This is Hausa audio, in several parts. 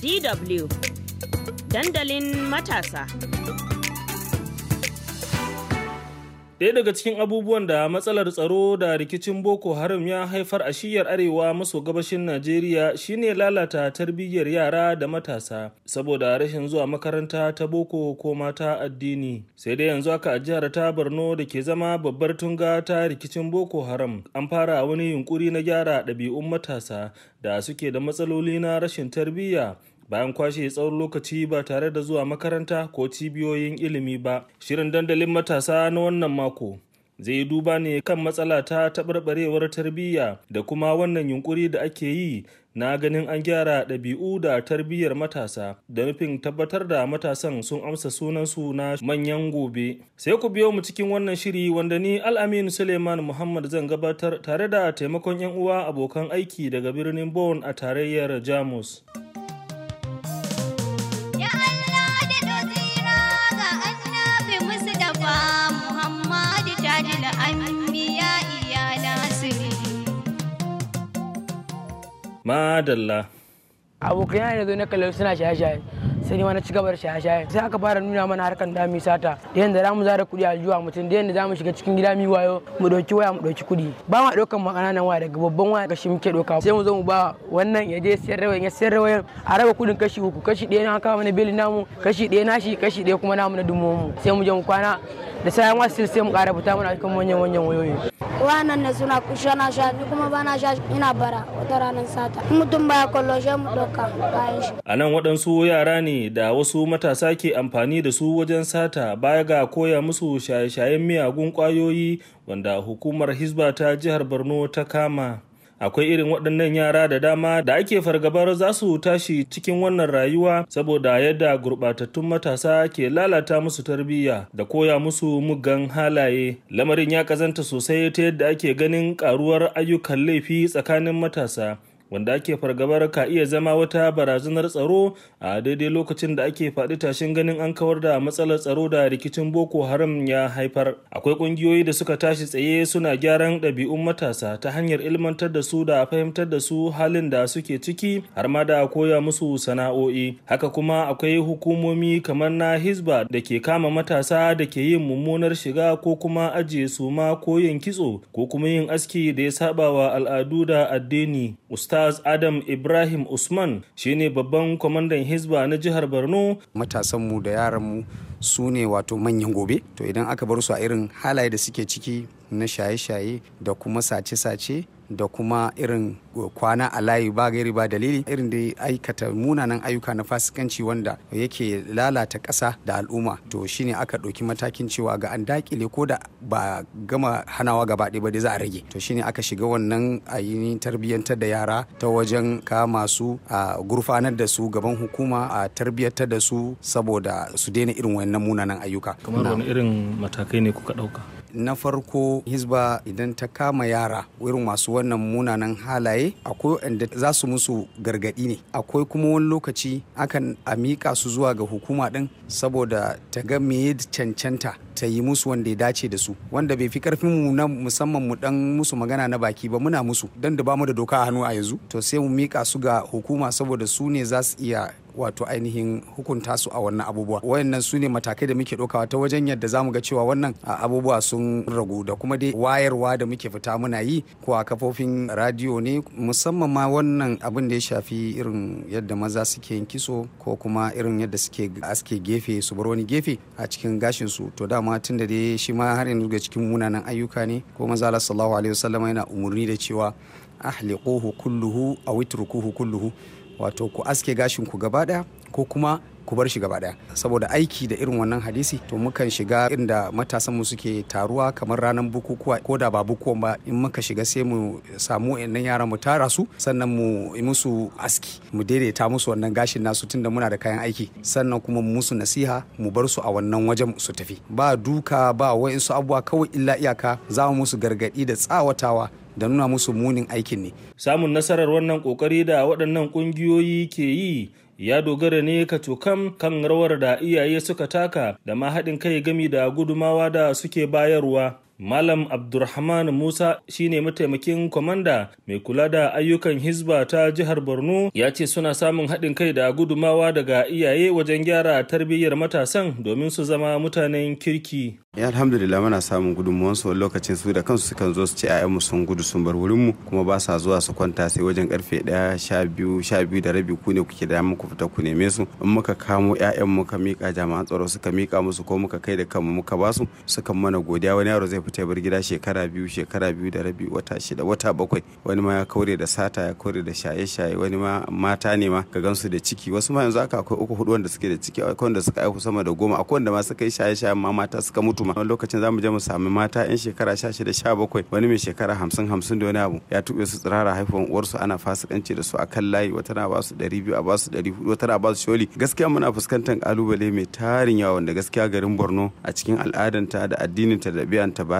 DW dandalin matasa. Daya daga cikin abubuwan da matsalar tsaro da rikicin Boko Haram ya haifar a shiyar arewa maso gabashin Najeriya shine lalata tarbiyyar yara da matasa saboda rashin zuwa makaranta ta boko ko mata addini. Sai dai yanzu aka a jihar ta Borno da ke zama babbar tunga ta rikicin Boko Haram an fara wani yunkuri na gyara ɗabi'un matasa da suke da matsaloli na rashin tarbiyya bayan kwashe tsawon lokaci ba tare da zuwa makaranta ko cibiyoyin ilimi ba shirin dandalin matasa na wannan mako zai yi duba ne kan matsala ta taɓarɓarewar tarbiyya da kuma wannan yunkuri da ake yi na ganin an gyara ɗabi'u da tarbiyyar matasa da nufin tabbatar da matasan sun amsa sunansu na manyan gobe sai ku biyo mu cikin wannan shiri wanda ni al'amin suleiman muhammad zan gabatar tare da taimakon 'yan uwa abokan aiki daga birnin bon a tarayyar jamus. Madalla. abokan yana zo na kalle suna shaye-shaye sai ni ma na ci gaba da shaye-shaye sai aka fara nuna mana harkan da sata da yanda zamu zara kuɗi a aljuwa mutum da yanda zamu shiga cikin gida mi wayo mu ɗauki waya mu dauki kuɗi ba ma ɗaukan ma kananan waya daga babban waya kashi muke ɗauka sai mu zo mu ba wannan ya je siyar rawayan ya siyar rawayan a raba kudin kashi uku kashi ɗaya na kawo mana belin namu kashi ɗaya nashi kashi ɗaya kuma namu na dumo mu sai mu je mu kwana da sayan wasu sai mu kara fita mana cikin manyan manyan wayoyi. wayannan ne suna na sha ni kuma bana sha ina bara wata ranar sata mutum baya kallo shi mu ɗauka kayan shi. a nan waɗansu yara ne da wasu matasa ke amfani da su wajen sata baya ga koya musu shaye-shayen miyagun kwayoyi wanda hukumar hizba ta jihar borno ta kama akwai irin waɗannan yara da dama da ake fargabar za su tashi cikin wannan rayuwa saboda yadda gurɓatattun matasa ke lalata musu tarbiyya da koya musu muggan halaye lamarin ya ƙazanta sosai ta yadda ake ganin ƙaruwar ayyukan laifi tsakanin matasa wanda ake fargabar ka iya zama wata barazanar tsaro a daidai lokacin da ake faɗi tashin ganin an kawar da matsalar tsaro da rikicin boko haram ya haifar akwai ƙungiyoyi da suka tashi tsaye suna gyaran ɗabi'un matasa ta hanyar ilmantar da su da fahimtar da su halin da suke ciki har ma da koya musu sana'o'i haka kuma akwai hukumomi kamar na hizba da ke kama matasa da ke yin mummunar shiga ko kuma ajiye suma ma ko yin kitso ko kuma yin aski da ya saba wa al'adu da addini usta ustaz adam ibrahim usman shine babban kwamandan hizba na jihar borno matasanmu da yaranmu su ne wato manyan gobe to idan aka bar su a irin halaye da suke ciki na shaye-shaye da kuma sace-sace da kuma irin uh, kwana a layi ba gairi ba dalili irin da aikata munanan ayyuka na fasikanci wanda yake lalata ƙasa da al'umma to shine aka ɗauki matakin cewa ga an dakile ko da ba gama hanawa gaba ɗaya ba da za a rage to shine aka shiga wannan ainihin tarbiyyantar da yara ta wajen kama su a gurfanar da su gaban hukuma a tarbiyyantar da su saboda su daina irin wannan munanan ayyuka kamar wani irin matakai ne kuka ɗauka na farko hizba idan ta kama yara irin masu wannan munanan halaye akwai wanda za su musu gargadi ne akwai kuma wani lokaci akan a miƙa su zuwa ga hukuma ɗin saboda ta ga meye cancanta ta yi musu wanda ya dace da su wanda bai fi karfin mu na musamman mu dan musu magana na baki ba muna musu dan da bamu da doka a hannu a yanzu to sai mu mika su ga hukuma saboda su ne za su iya wato ainihin hukunta su a wannan abubuwa wayannan su ne matakai da muke ɗaukawa ta wajen yadda za mu ga cewa wannan abubuwa sun ragu da kuma dai wayarwa da muke fita muna yi ko a kafofin radiyo ne musamman ma wannan abin da ya shafi irin yadda maza suke yin kiso ko kuma irin yadda suke aske gefe su bar wani gefe a cikin gashin su to dama tun da dai shi ma har yanzu ga cikin munanan ayyuka ne ko maza sallallahu alaihi wasallam yana umurni da cewa ahliquhu kulluhu awitrukuhu kulluhu wato ku aske gashin ku gaba ɗaya ko kuma ku bar shi gaba daya saboda aiki da irin wannan hadisi to mukan shiga inda matasan mu suke taruwa kamar ranar bukukuwa ko da ba bukuwan ba in muka shiga sai mu samu nan yaran mu tara su sannan mu musu aski mu daidaita musu wannan gashin nasu tunda muna da kayan aiki sannan kuma mu musu nasiha mu bar su a wannan wajen su tafi ba duka ba wa'insu abubuwa kawai illa iyaka za mu musu gargadi da tsawatawa da nuna musu munin aikin ne. Samun nasarar wannan kokari da waɗannan ƙungiyoyi ke yi ya dogara ne ka cokam kan rawar da iyaye suka taka da ma haɗin kai gami da gudumawa da suke bayarwa Malam Abdurrahman Musa shine mataimakin kwamanda mai kula da ayyukan Hizba ta jihar Borno ya ce suna samun haɗin kai da gudumawa daga iyaye wajen gyara tarbiyyar matasan domin su zama mutanen kirki. Ya eh, alhamdulillah muna samun gudunmuwan su lokacin su da kansu sukan zo su ce ayyamu sun gudu sun bar wurin mu kuma ba sa zuwa su kwanta sai wajen karfe 1 sha biyu da rabi ku ne kuke da muku fita ku neme su in muka kamo ƴaƴan muka mika jama'an tsaro suka mika musu ko muka kai da kanmu muka basu sukan mana godiya wani yaro zai fita bar gida shekara biyu shekara biyu da rabi wata shida wata bakwai wani ma ya kaure da sata ya kaure da shaye shaye wani ma mata ne ma ka gansu da ciki wasu ma yanzu aka akwai uku hudu wanda suke da ciki akwai wanda suka aihu sama da goma akwai wanda ma suka yi shaye shaye ma mata suka mutu ma wani lokacin zamu je mu sami mata yan shekara sha shida sha bakwai wani mai shekara hamsin hamsin da wani abu ya tuɓe su tsirara haifuwan uwarsu ana fasikanci da su a kan layi wata na basu ɗari biyu a basu ɗari hudu wata na basu sholi gaskiya muna fuskantar kalubale mai tarin yawon da gaskiya garin borno a cikin al'adanta da addininta da ɗabi'anta ba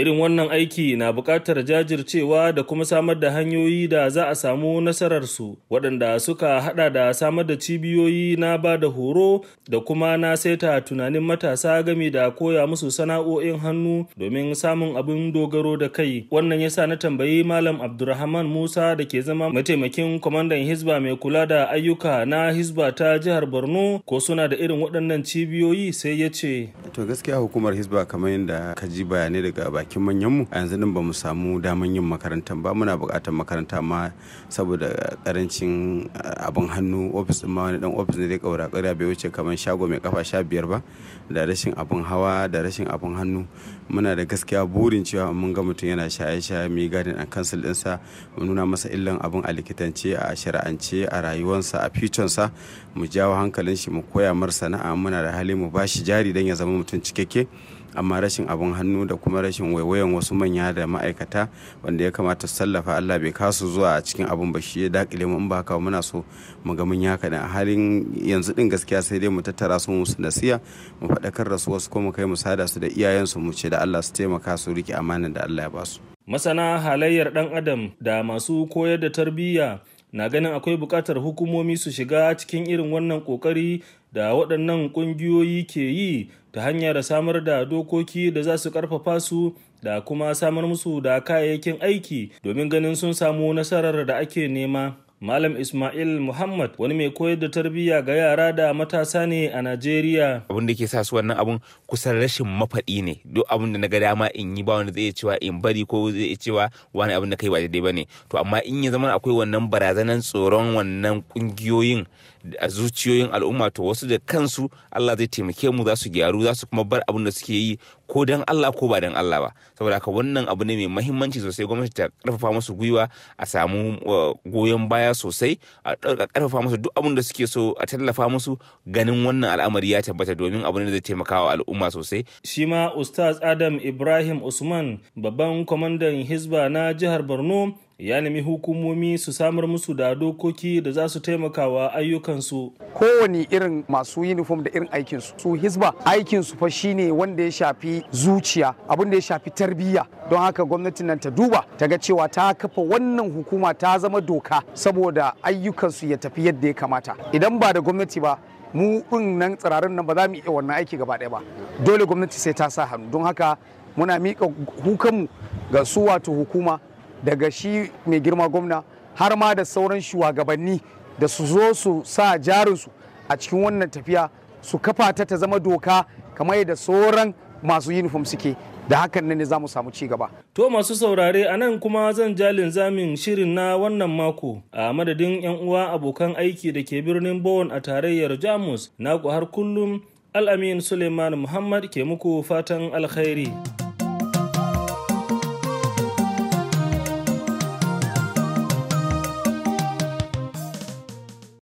Irin wannan aiki na buƙatar jajircewa da kuma samar da hanyoyi da za a samu nasararsu waɗanda suka haɗa da samar da cibiyoyi na ba da horo da kuma na saita tunanin matasa game da koya musu sana'o'in hannu domin samun abin dogaro da kai. Wannan ya sa na tambayi Malam Abdulrahman Musa da ke zama mataimakin kwamandan Hizba mai kula da ayyuka na Hizba ta jihar Borno ko suna da irin waɗannan cibiyoyi sai ya ce. To gaskiya hukumar Hizba kamar yadda ka ji bayanai daga baki bakin manyanmu a yanzu din ba mu samu daman yin makarantar ba muna buƙatar makaranta ma saboda karancin eh, abin hannu ofis din ma wani dan ofis ne zai kaura ƙura bai wuce kamar shago mai kafa sha biyar ba da rashin abin hawa da rashin abin hannu muna da gaskiya burin cewa mun ga mutum yana shaye-shaye mai gadin a kansil ɗinsa mu nuna masa illan abin a likitance a shari'ance a rayuwarsa a fitonsa mu jawo hankalin shi mu koya mar sana'a muna da hali mu ba shi jari don ya zama mutum cikakke amma rashin abin hannu da kuma rashin waiwayan wasu manya da ma'aikata wanda ya kamata su tallafa Allah bai kasu zuwa a cikin abin ba shi ya dakile mu in ba haka muna so mu ga mun yaka a halin yanzu din gaskiya sai dai mu tattara su musu nasiya mu faɗakar da su wasu ko mu kai mu sada su da iyayensu mu ce da Allah su taimaka su rike amana da Allah ya ba su masana halayyar dan adam da masu koyar da tarbiyya na ganin akwai buƙatar hukumomi su shiga cikin irin wannan ƙoƙari da waɗannan ƙungiyoyi ke yi ta hanyar samar da dokoki da za su ƙarfafa su da kuma samar musu da kayayyakin aiki domin ganin sun samu nasarar da ake nema. Malam Ismail Muhammad wani mai koyar da tarbiyya ga yara da matasa ne a Najeriya. Abin da ke sa su wannan abun kusan rashin mafaɗi ne. Duk abin da na ga dama in yi ba wanda zai iya cewa in bari ko zai iya cewa wani abin da kai ba daidai ba ne. To amma in ya zama akwai wannan barazanan tsoron wannan kungiyoyin a zuciyoyin al'umma to wasu da kansu Allah zai taimake mu za su gyaru za su kuma bar abin da suke yi ko dan Allah ko ba dan Allah ba saboda haka wannan abu ne mai mahimmanci sosai gwamnati ta karfafa musu gwiwa a samu uh, goyon baya sosai a karfafa musu duk abin da suke so a tallafa musu ganin wannan al'amari ya tabbata domin ne da zai taimaka wa al'umma sosai shi ma ustaz Adam Ibrahim Usman babban kwamandan Hizba na jihar Borno ya nemi hukumomi su samar musu da dokoki da za su taimakawa ayyukansu. Kowane irin masu uniform da irin aikinsu. Su hisba aikinsu fa shine wanda ya shafi zuciya abin da ya shafi tarbiyya don haka gwamnatin nan ta duba ta ga cewa ta kafa wannan hukuma ta zama doka saboda ayyukansu ya tafi yadda ya kamata. Idan ba da gwamnati ba mu din nan tsirarin nan ba za mu iya wannan aiki gaba ɗaya ba dole gwamnati sai ta sa hannu don haka muna miƙa hukanmu ga su wato hukuma daga shi mai girma gwamna har ma da sauran shugabanni da su zo su sa jarinsu a cikin wannan tafiya su kafa ta ta zama doka kamar yadda sauran masu uniform suke da hakan ne za mu samu ci gaba. To masu saurare a nan kuma zan ja linzamin shirin na wannan mako a madadin 'yan uwa abokan aiki da ke birnin Bowen a tarayyar Jamus na har kullum Al'amin Suleiman Muhammad ke muku fatan alkhairi.